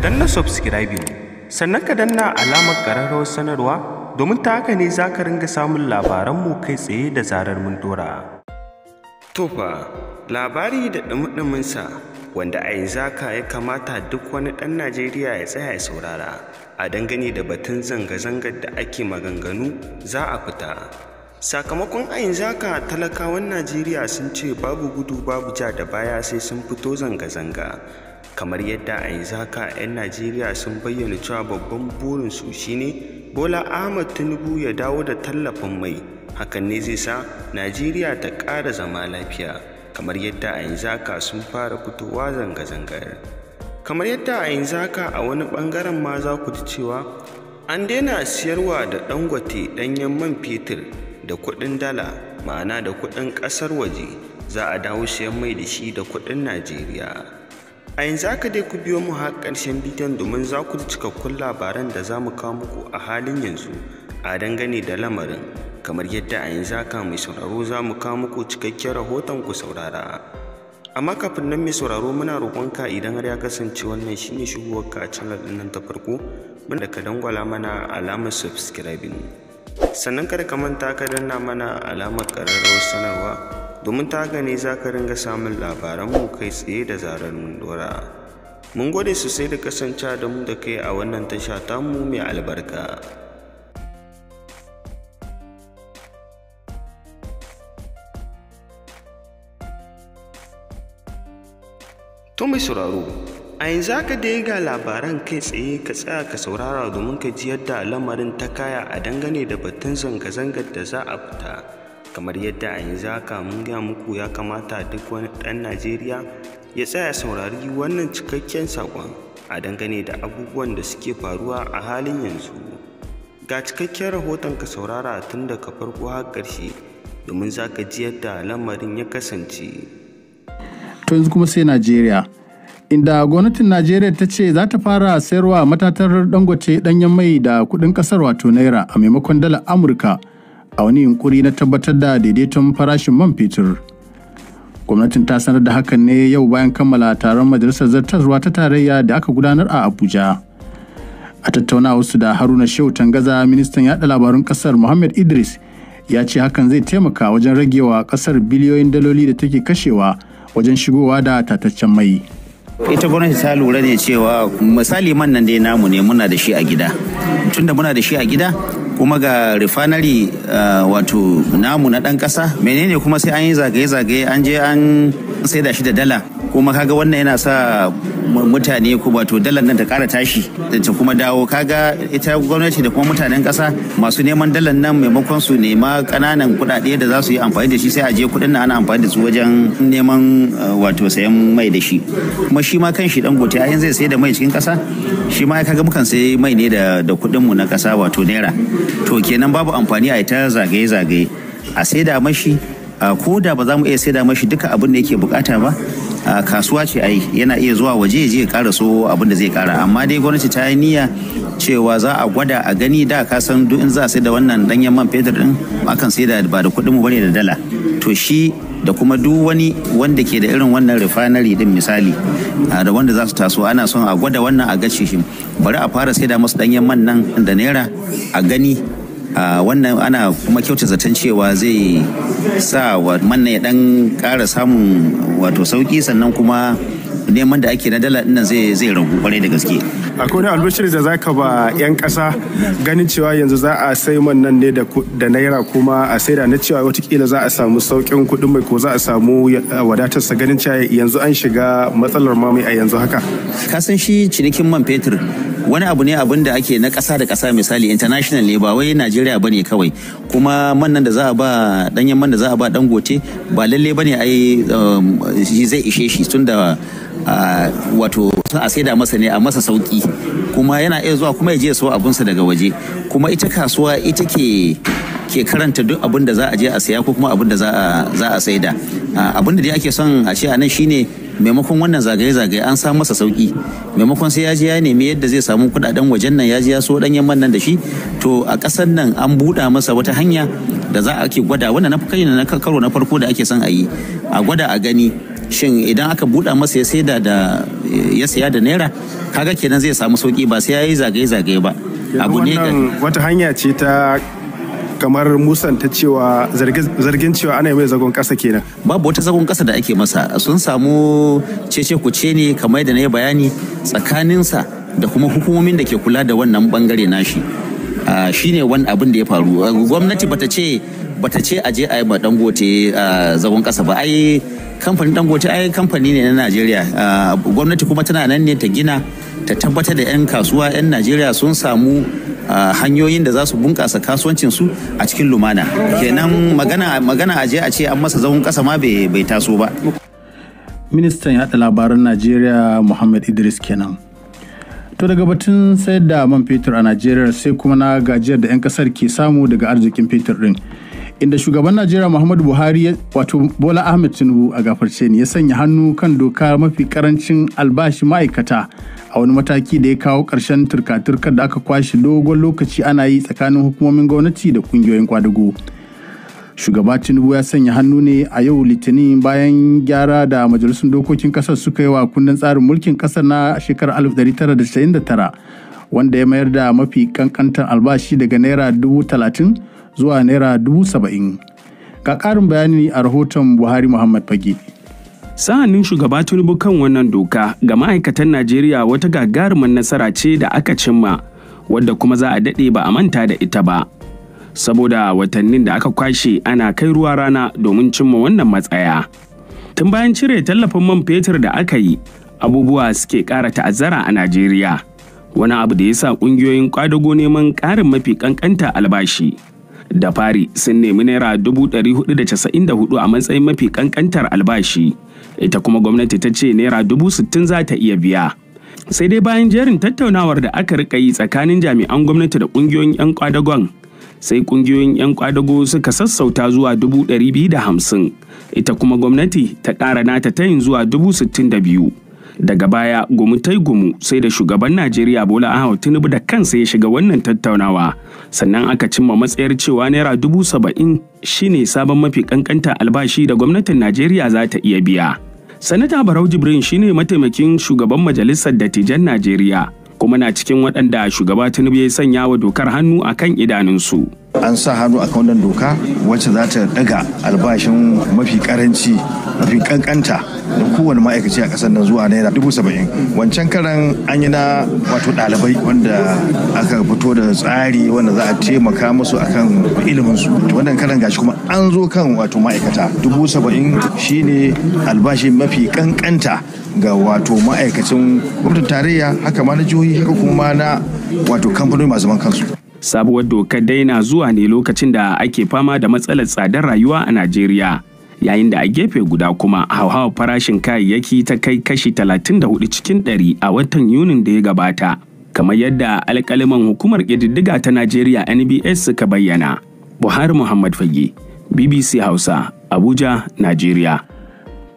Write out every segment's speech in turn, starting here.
danna subscribing sannan ka danna alamar ƙararrawar sanarwa domin ta haka ne za ka ringa samun labaranmu kai tsaye da zarar mun dora. Tofa labari da ɗumi wanda a yanzu aka ya kamata duk wani ɗan Najeriya ya tsaya ya saurara a dangane da batun zanga-zangar da ake maganganu za a fita. sakamakon ayin zaka talakawan najeriya sun ce babu gudu babu ja da baya sai sun fito zanga-zanga kamar yadda ayin zaka 'yan najeriya sun bayyana cewa babban burinsu shine bola ahmad tinubu ya dawo da tallafin mai hakan ne zai sa najeriya ta ƙara zama lafiya kamar yadda ayin zaka sun fara fitowa zanga-zangar kamar yadda ayin zaka a wani bangaren ma za ku ji cewa an daina siyarwa da dangote danyen man fetur da kuɗin dala ma'ana da kuɗin ƙasar waje za a dawo siyan mai da shi da kuɗin najeriya a yanzu aka dai ku biyo mu har ƙarshen bidiyon domin za ku ji cikakkun labaran da za mu kawo muku a halin yanzu a dangane da lamarin kamar yadda a yanzu aka mai sauraro za mu kawo muku cikakken rahoton ku saurara amma kafin nan mai sauraro muna roƙonka idan har ya kasance wannan shine shigowar ka a channel ɗin nan ta farko muna da ka dangwala mana alamar subscribing sannan kada ka manta ka danna mana alamar ƙararrawar sanarwa domin ta gane za ka ringa samun labaran mu kai tsaye da zarar mun dora mun gode sosai da kasance da mu da kai a wannan tasha mu mai albarka To mai sauraro a yanzu haka dai ga labaran kai tsaye ka tsaya ka saurara domin ka ji yadda lamarin ta kaya a dangane da batun zanga-zangar da za a fita kamar yadda a yanzu haka mun gaya muku ya kamata duk wani ɗan najeriya ya tsaya saurari wannan cikakken saƙon a dangane da abubuwan da suke faruwa a halin yanzu ga cikakken rahoton ka saurara tun daga farko har ƙarshe domin za ka ji yadda lamarin ya kasance to yanzu kuma sai najeriya inda gwamnatin Najeriya ta ce za ta fara sayarwa matatar dangote danyen mai da kudin kasar wato naira a maimakon dala Amurka a wani yunkuri na tabbatar da daidaiton farashin man fetur. Gwamnatin ta sanar da hakan ne yau bayan kammala taron majalisar zartarwa ta tarayya da aka gudanar a Abuja. A tattaunawa su da Haruna Shehu Tangaza ministan yaɗa labarun kasar Muhammad Idris ya ce hakan zai taimaka wajen ragewa kasar biliyoyin daloli da take kashewa wajen shigowa da tataccen mai. ita gwamnati ta lura ne cewa misali man nan dai namu ne muna da shi a gida tun da muna da shi a gida kuma ga refinery ah, wato namu na dan kasa menene kuma sai an yi zagaye-zagaye an je an sai da shi da dala kuma kaga wannan yana sa mutane ko wato dalar nan ta kara tashi ta kuma dawo kaga ita gwamnati da kuma mutanen kasa masu neman dalar nan maimakon su nema kananan kuɗaɗe da za su yi amfani da shi sai a je kuɗin nan ana amfani da su wajen neman eh, wato sayan mai da shi kuma shi ma kan shi dan gote ayin zai sai da mai cikin kasa shi ma kaga mukan sai mai ne da da kuɗin mu na kasa wato naira to kenan babu amfani a ita zagaye zagaye a sai da mashi ko da ba za mu iya sai da mashi duka abin da yake bukata ba A kasuwa ce ai yana iya zuwa waje ya je ya kara so abin da zai kara amma dai gwamnati ta yi niyya cewa za a gwada a gani da ka san duk in za a sai da wannan danyen man fetur din akan sai da ba da kuɗin mu bane da dala to shi da kuma duk wani wanda ke da irin wannan refinery din misali da wanda za su taso ana son a gwada wannan a gashi shi bari a fara sai da masu danyen man nan da naira a gani wannan ana kuma kyauta zaton cewa zai sa manna ya dan kara samun wato sauki sannan kuma neman da ake na dala dinnan zai zai ragu da gaske akwai wani albashir da zaka ba yan kasa ganin cewa yanzu za a sai man nan ne da naira kuma a da na cewa watakila za a samu saukin kuɗin mai ko za a samu wadatarsa ganin cewa yanzu an shiga matsalar mamai a yanzu haka ka san shi cinikin man fetur wani abu ne abin da ake na ƙasa da ƙasa misali international ne ba wai Najeriya bane kawai kuma man nan da za a ba danyen man da za a ba gote ba lalle bane a yi um, zai ishe shi tun da wato a saida masa ne a masa sauki kuma yana iya zuwa kuma ya je so sa daga waje kuma ita kasuwa ita ke ke karanta duk abin da za a je a saya ko kuma abin da za a saida abin da dai ake son a ce a nan shine maimakon wannan zagaye-zagaye an samu masa sauki maimakon sai ya je ya nemi yadda zai samu kudaden wajen nan ya je ya so dan yamman nan da shi to a kasar nan an buɗa masa wata hanya da za a ke gwada wannan na kai na karo na farko da ake son a yi a gwada a gani shin idan aka buɗa masa ya saida da ya saya da naira kaga kenan zai samu sauki ba sai ya yi zagaye-zagaye ba abu ne wata hanya ce ta kamar musanta cewa zargin cewa ana mai zagon kasa kenan babu wata zagon kasa da ake masa sun samu cece kuce ne kamar da na yi bayani tsakaninsa da kuma hukumomin da ke kula da wannan bangare nashi shine wani abin da ya faru gwamnati bata ce bata ce aje a yi ma dangote zagon kasa ba ai kamfanin dangote ai kamfani ne na najeriya gwamnati kuma tana nan ne ta gina ta tabbatar da 'yan kasuwa 'yan najeriya sun samu hanyoyin da za su bunƙasa kasuwancin su a cikin lumana kenan magana magana aje a ce an masa zaun ƙasa ma bai taso ba ministan yaɗa labaran najeriya muhammad idris kenan to daga batun sayar da man fetur a najeriya sai kuma na gajiyar da 'yan kasar ke samu daga arzikin fetur din inda shugaban Najeriya Muhammadu Buhari wato Bola Ahmed Tinubu a gafarce ne ya sanya hannu kan doka mafi karancin albashi ma'aikata a wani mataki da ya kawo ƙarshen turka-turkar da aka kwashe dogon lokaci ana yi tsakanin hukumomin gwamnati da kungiyoyin kwadago. Shugaba Tinubu ya sanya hannu ne a yau Litinin bayan gyara da majalisun dokokin ƙasar suka yi wa kundin tsarin mulkin ƙasar na shekarar 1999 wanda ya mayar da mafi kankantar albashi daga naira dubu zuwa naira dubu saba'in ga ƙarin bayani a rahoton buhari muhammad fage sa'anin shugaba tinubu kan wannan doka ga ma'aikatan najeriya wata gagarumar nasara ce da aka cimma wadda kuma za a daɗe ba a manta da ita ba saboda watannin da aka kwashe ana kai ruwa rana domin cimma wannan matsaya tun bayan cire tallafin man fetur da aka yi abubuwa suke ƙara ta'azzara a najeriya wani abu da ya sa ƙungiyoyin ƙwadago neman ƙarin mafi ƙanƙanta albashi da fari sun nemi naira da casa'in 494 a matsayin mafi kankantar albashi ita kuma gwamnati ta ce naira sittin za ta iya biya sai dai bayan jerin tattaunawar da aka rika yi tsakanin jami'an gwamnati da kungiyoyin 'yan kwadagon sai kungiyoyin 'yan kwadago suka sassauta zuwa ɗari da hamsin, ita kuma gwamnati ta ƙara nata tayin zuwa biyu. daga baya gumu tai gumu sai da shugaban najeriya bola ahmad tinubu da kansa ya shiga wannan tattaunawa sannan aka cimma matsayar cewa naira dubu saba'in shine sabon mafi kankanta albashi da gwamnatin najeriya za ta iya biya sanata barau jibrin shine mataimakin shugaban majalisar dattijan najeriya kuma na cikin waɗanda shugaba tinubu ya sanya wa dokar hannu akan idanunsu an sa hannu a kan wannan doka wacce za ta daga albashin mafi karanci mafi kankanta da kowane ma'aikaci a kasar nan zuwa naira dubu saba'in wancan karan an yi na wato ɗalibai wanda aka fito da tsari wanda za a taimaka musu akan ilimin su wannan karan gashi kuma an zo kan wato ma'aikata dubu saba'in shine albashi mafi kankanta ga wato ma'aikacin gwamnatin tarayya haka ma na jihohi haka kuma na wato kamfanoni masu zaman kansu Sabuwar dokar dai na zuwa ne lokacin da ake fama da matsalar tsadar rayuwa a Najeriya. Yayin da a gefe guda kuma hauhawa farashin kayayyaki ta kai kashi talatin da hudu cikin 100 a watan Yunin da ya gabata, kamar yadda alƙaliman hukumar ƙididdiga ta Najeriya NBS suka bayyana. Buhari Muhammad Fage, BBC Hausa, Abuja, Najeriya.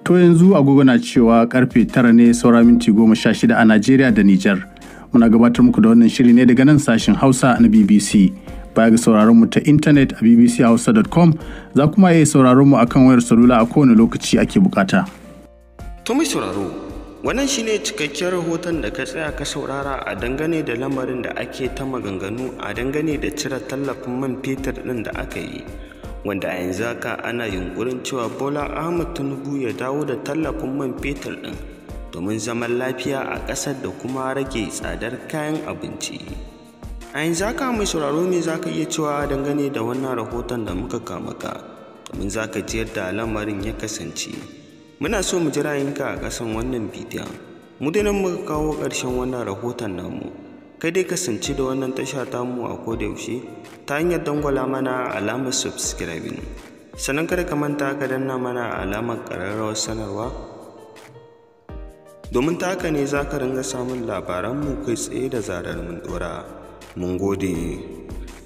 To yanzu agogo na cewa karfe tara ne saura minti goma sha shida a Najeriya da Nijar. muna gabatar muku da wannan shiri ne daga nan sashen hausa na bbc baya ga sauraron mu ta intanet a bbchausa.com za kuma iya sauraron mu akan wayar salula a kowane lokaci ake bukata. To mai sauraro, wannan shi ne cikakken rahoton da ka tsaya ka saurara a dangane da lamarin da ake ta maganganu a dangane da cire tallafin man fetur ɗin da aka yi. Wanda a yanzu haka ana yunkurin cewa Bola Ahmad Tinubu ya dawo da tallafin man fetur ɗin. domin zaman lafiya a ƙasar da kuma rage tsadar kayan abinci a yanzu ka mai sauraro me za ka iya cewa dangane da wannan rahoton da muka kama ka domin za ka ji yadda lamarin ya kasance muna so mu jira yinka a ƙasan wannan bidiyon mu dai muka kawo ƙarshen wannan rahoton namu kai dai kasance da wannan tasha tamu a yaushe? ta hanyar dangwala mana alamar subscribing sannan kada ka manta ka danna mana alamar ƙararrawar sanarwa domin ta haka ne za ka ringa samun labaranmu kai tsaye da zarar mun ɗora mun gode